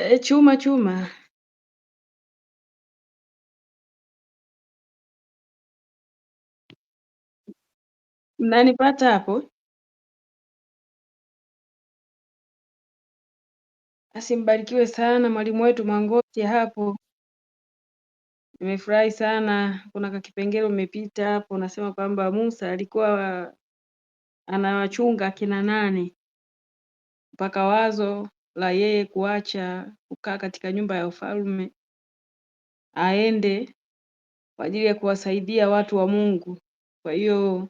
Eh, chuma, chuma. Mnanipata hapo? Basi mbarikiwe sana mwalimu wetu Mangoti hapo. Nimefurahi sana. Kuna kakipengele umepita hapo unasema kwamba Musa alikuwa anawachunga akina nani mpaka wazo la yeye kuacha kukaa katika nyumba ya ufalme aende kwa ajili ya kuwasaidia watu wa Mungu. Kwa hiyo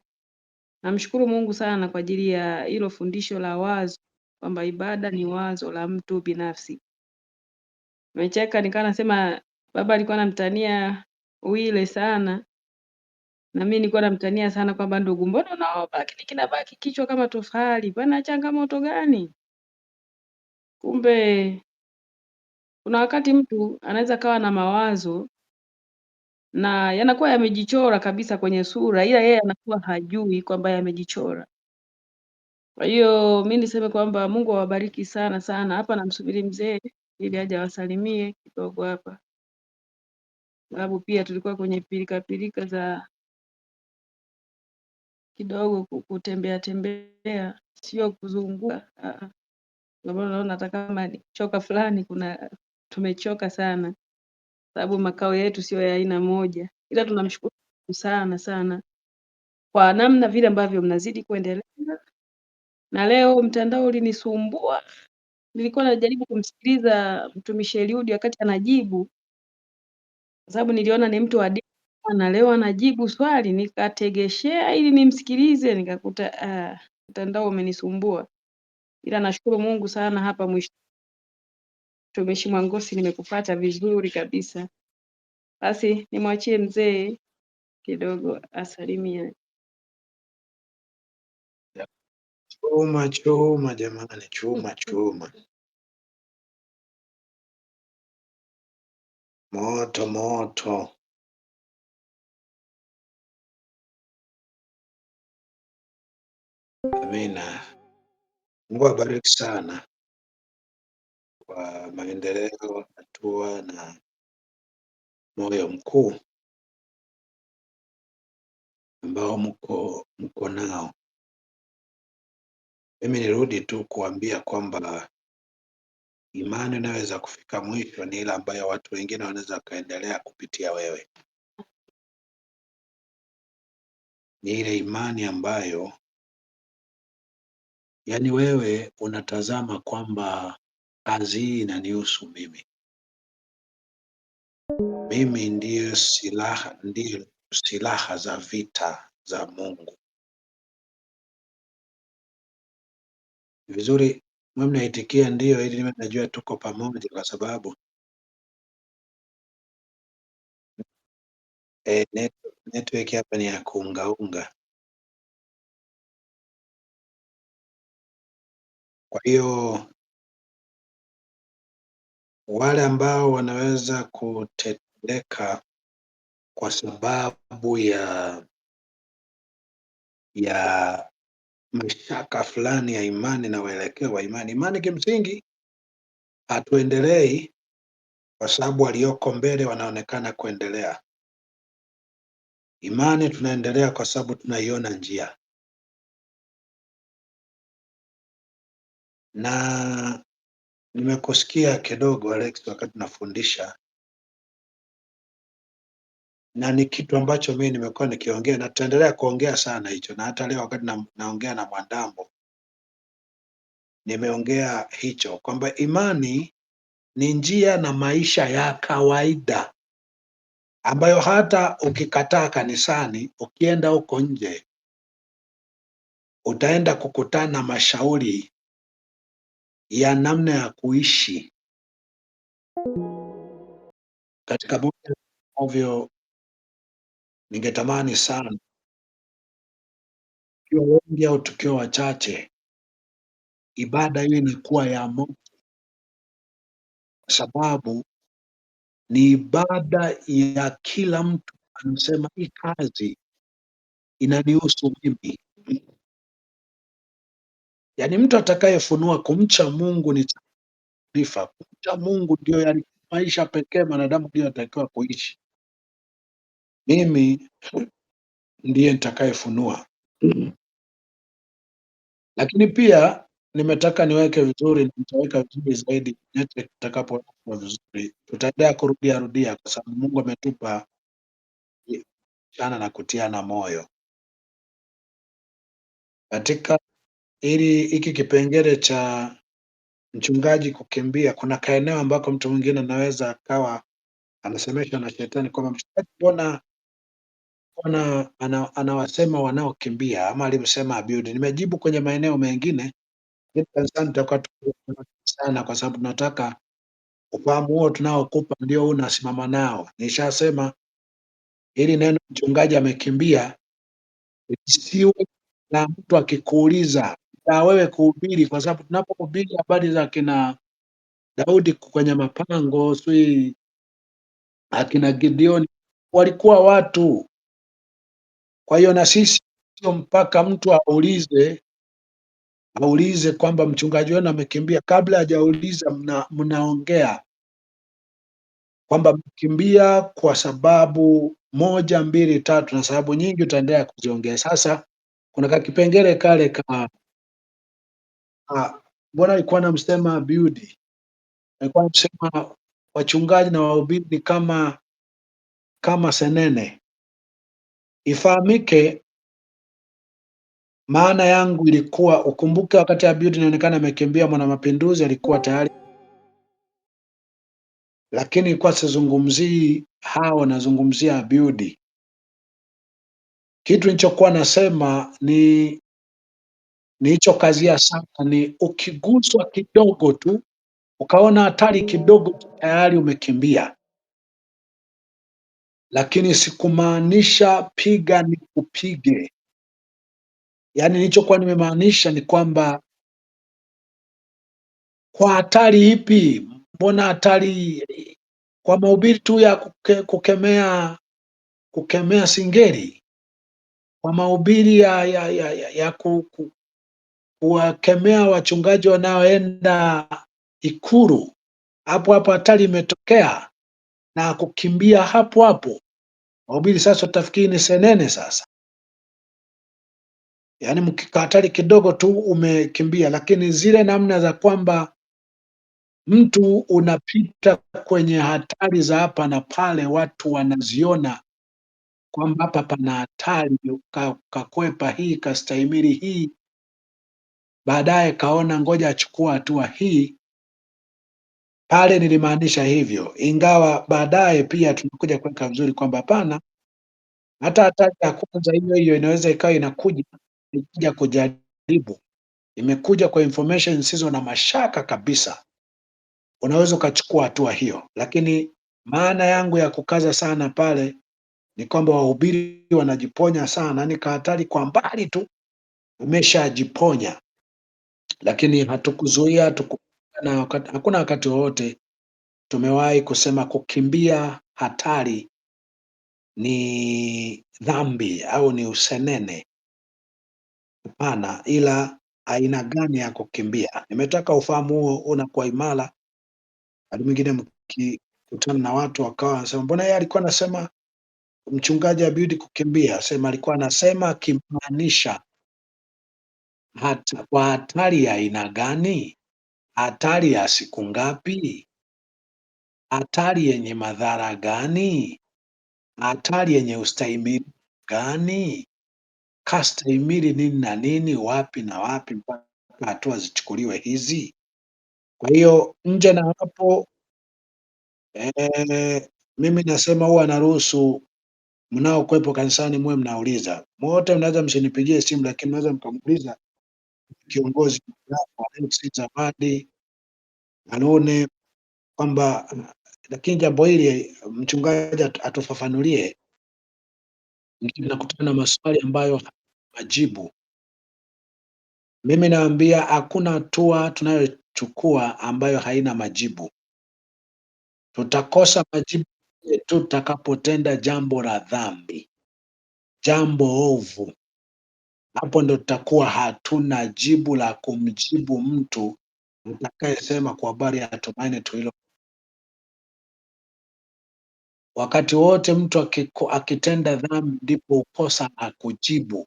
namshukuru Mungu sana kwa ajili ya hilo fundisho la wazo kwamba ibada ni wazo la mtu binafsi. Nimecheka nikawa nasema baba alikuwa anamtania Wile sana na mimi nilikuwa namtania sana kwamba ndugu, mbona unaomba lakini kinabaki kichwa kama tofali? Bwana, changamoto gani? Kumbe kuna wakati mtu anaweza akawa na mawazo na yanakuwa yamejichora kabisa kwenye sura, ila yeye anakuwa hajui kwamba yamejichora. Kwa hiyo mi niseme kwamba Mungu awabariki sana sana. Hapa namsubiri mzee ili aje awasalimie kidogo hapa, sababu pia tulikuwa kwenye pilika pilika za kidogo kutembea tembea, sio kuzunguka. Ah, ah. Ndio unaona hata kama ni choka fulani, kuna tumechoka sana, sababu makao yetu sio ya aina moja, ila tunamshukuru sana sana kwa namna vile ambavyo mnazidi kuendelea. Na leo mtandao ulinisumbua, nilikuwa najaribu kumsikiliza mtumishi Eliudi wakati anajibu, kwa sababu niliona ni mtu wa dini na leo anajibu swali, nikategeshea ili nimsikilize, nikakuta ah, mtandao umenisumbua ila nashukuru Mungu sana hapa mwisho Mtumishi Mwangosi, nimekupata vizuri kabisa. Basi nimwachie mzee kidogo asalimie. Chuma chuma jamani, chuma chuma, moto moto. Amina. Mungu awabariki sana kwa maendeleo, hatua na moyo mkuu ambao mko mko nao. Mimi nirudi tu kuambia kwamba imani inaweza kufika mwisho ni ile ambayo watu wengine wanaweza wakaendelea kupitia wewe, ni ile imani ambayo Yaani wewe unatazama kwamba kazi hii inanihusu mimi. Mimi ndiyo silaha, ndiyo silaha za vita za Mungu. Ni vizuri mwe mnaitikia ndiyo, ili niwe najua tuko pamoja, kwa sababu e, network hapa ni ya kuungaunga. Kwa hiyo wale ambao wanaweza kutetereka kwa sababu ya ya mashaka fulani ya imani na uelekeo wa imani. Imani kimsingi hatuendelei kwa sababu walioko mbele wanaonekana kuendelea. Imani tunaendelea kwa sababu tunaiona njia. na nimekusikia kidogo Alex wakati unafundisha, na ni kitu ambacho mimi nimekuwa nikiongea na tutaendelea kuongea sana hicho, na hata leo wakati na, naongea na Mwandambo nimeongea hicho kwamba imani ni njia na maisha ya kawaida ambayo hata ukikataa kanisani, ukienda huko nje utaenda kukutana na mashauri ya namna ya kuishi katika moja ambavyo ningetamani sana tukiwa wengi au tukiwa wachache, ibada hiyo inakuwa ya moto kwa sababu ni ibada ya kila mtu anasema, hii kazi inanihusu mimi. Yaani mtu atakayefunua kumcha Mungu ni taarifa. Kumcha Mungu ndio yani maisha pekee mwanadamu ndio anatakiwa kuishi. Mimi ndiye nitakayefunua. Mm-hmm. Lakini pia nimetaka niweke vizuri na nitaweka vizuri zaidi nyakati vizuri. Tutaendelea kurudia rudia kwa sababu Mungu ametupa kuachana na kutiana moyo. Katika hiki kipengele cha mchungaji kukimbia, kuna kaeneo ambako mtu mwingine anaweza akawa anasemeshwa na shetani kwamba mchungaji, mbona mbona ana- anawasema wanaokimbia ama alivyosema Abiudi. Nimejibu kwenye maeneo mengine, lakini kanisani tutakuwa sana, kwa sababu tunataka ufahamu huo tunaokupa ndio huu unasimama nao. Nishasema ili neno mchungaji amekimbia isiwe na mtu akikuuliza na wewe kuhubiri, kwa sababu tunapohubiri habari za kina Daudi kwenye mapango, sui akina Gideoni, walikuwa watu. Kwa hiyo na sisi sio mpaka mtu aulize aulize kwamba mchungaji wenu amekimbia. Kabla hajauliza, mna, mnaongea kwamba mkimbia kwa sababu moja mbili tatu, na sababu nyingi utaendelea kuziongea. Sasa kuna kakipengele kale ka Ah, Bwana alikuwa anamsema Biudi, alikuwa anamsema wachungaji na wahubiri ni kama kama senene. Ifahamike maana yangu ilikuwa, ukumbuke wakati Abiudi inaonekana amekimbia mwanamapinduzi, alikuwa tayari, lakini kwa sizungumzii hao, nazungumzia Abiudi. Kitu nilichokuwa nasema ni Nilichokazia sasa ni ukiguswa kidogo tu, ukaona hatari kidogo tayari umekimbia. Lakini sikumaanisha piga ni kupige, yaani nilichokuwa nimemaanisha ni kwamba kwa hatari ipi? Mbona hatari kwa mahubiri tu ya kuke, kukemea kukemea singeli, kwa mahubiri ya, ya, ya, ya, ya ku, ku, kuwakemea wachungaji wanaoenda ikuru hapo hapo hatari imetokea na kukimbia hapo hapo. Wahubiri sasa watafikiri ni senene sasa, yaani mkikatari kidogo tu umekimbia. Lakini zile namna za kwamba mtu unapita kwenye hatari za hapa na pale, watu wanaziona kwamba hapa pana hatari, kakwepa hii, kastahimili hii, Baadaye kaona ngoja achukua hatua hii, pale nilimaanisha hivyo, ingawa baadaye pia tunakuja kuweka vizuri kwamba hapana, hata hatari ya kwanza hiyo hiyo inaweza ikawa inakuja imekuja kujaribu, imekuja kwa information zisizo na mashaka kabisa, unaweza ukachukua hatua hiyo. Lakini maana yangu ya kukaza sana pale ni kwamba wahubiri wanajiponya sana, ni yaani kahatari kwa mbali tu, umeshajiponya lakini hatukuzuia tuku, na wakati, hakuna wakati wowote tumewahi kusema kukimbia hatari ni dhambi au ni usenene. Hapana, ila aina gani ya kukimbia. Nimetaka ufahamu huo unakuwa imara. Hadi mwingine mkikutana na watu wakawa wanasema mbona yeye alikuwa anasema mchungaji abidi kukimbia, sema alikuwa anasema akimaanisha hata kwa hatari ya aina gani? Hatari ya siku ngapi? Hatari yenye madhara gani? Hatari yenye ustahimili gani? Kastahimili nini na nini, wapi na wapi, mpaka hatua zichukuliwe hizi. Kwa hiyo nje na hapo e, mimi nasema huwa naruhusu mnaokwepo kanisani muwe mnauliza. Wote mnaweza msinipigie simu, lakini mnaweza mkamuuliza kiongozi Alexis Zawadi anaone kwamba, lakini jambo hili mchungaji atufafanulie, nakutana na maswali ambayo majibu. Mimi naambia hakuna hatua tunayochukua ambayo haina majibu. Tutakosa majibu tutakapotenda jambo la dhambi, jambo ovu hapo ndo tutakuwa hatuna jibu la kumjibu mtu utakayesema kwa habari ya tumaini tulilo. Wakati wote mtu akiku, akitenda dhambi ndipo ukosa na kujibu,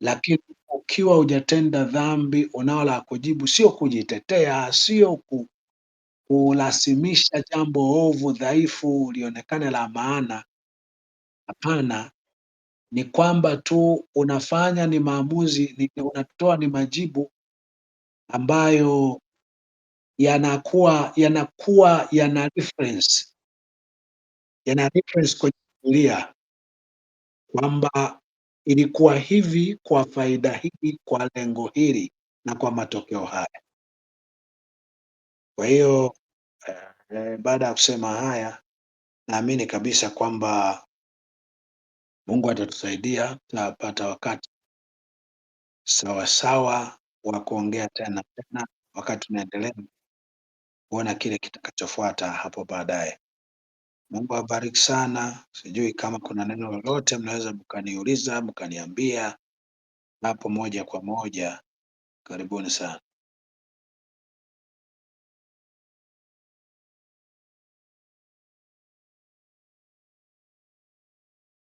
lakini ukiwa hujatenda dhambi unao la kujibu, sio kujitetea, sio ku, kulasimisha jambo ovu dhaifu lionekane la maana. Hapana, ni kwamba tu unafanya ni maamuzi ni, unatoa ni majibu ambayo yanakuwa yanakuwa yana reference yana reference kwenye Biblia kwamba ilikuwa hivi kwa faida hii, kwa lengo hili na kwa matokeo haya. Kwa hiyo eh, baada ya kusema haya, naamini kabisa kwamba Mungu atatusaidia, tutapata wakati sawasawa wa kuongea tena tena, wakati tunaendelea kuona kile kitakachofuata hapo baadaye. Mungu awabariki sana. Sijui kama kuna neno lolote mnaweza mkaniuliza, mkaniambia hapo moja kwa moja. Karibuni sana.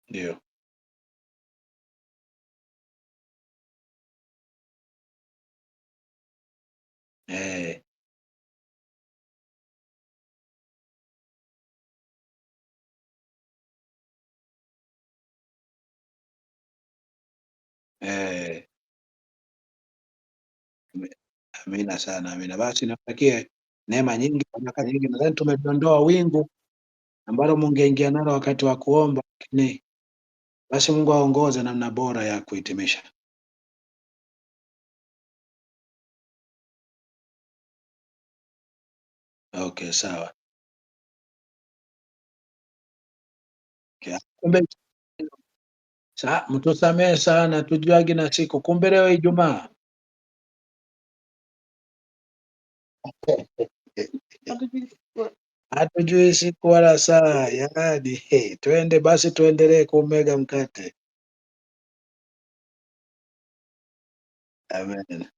Ndio. Eh, Eh. amina sana, amina. Basi nakutakie neema nyingi, baraka nyingi. Nadhani tumedondoa wingu ambalo mungeingia nalo wakati wa kuomba, lakini basi Mungu aongoze namna bora ya kuhitimisha. Okay, sawa. sa, mtusamehe sana, tujuage na siku. Kumbe leo Ijumaa. Hatujui siku wala saa, yaani hey, twende basi, tuendelee kumega mkate. Amen.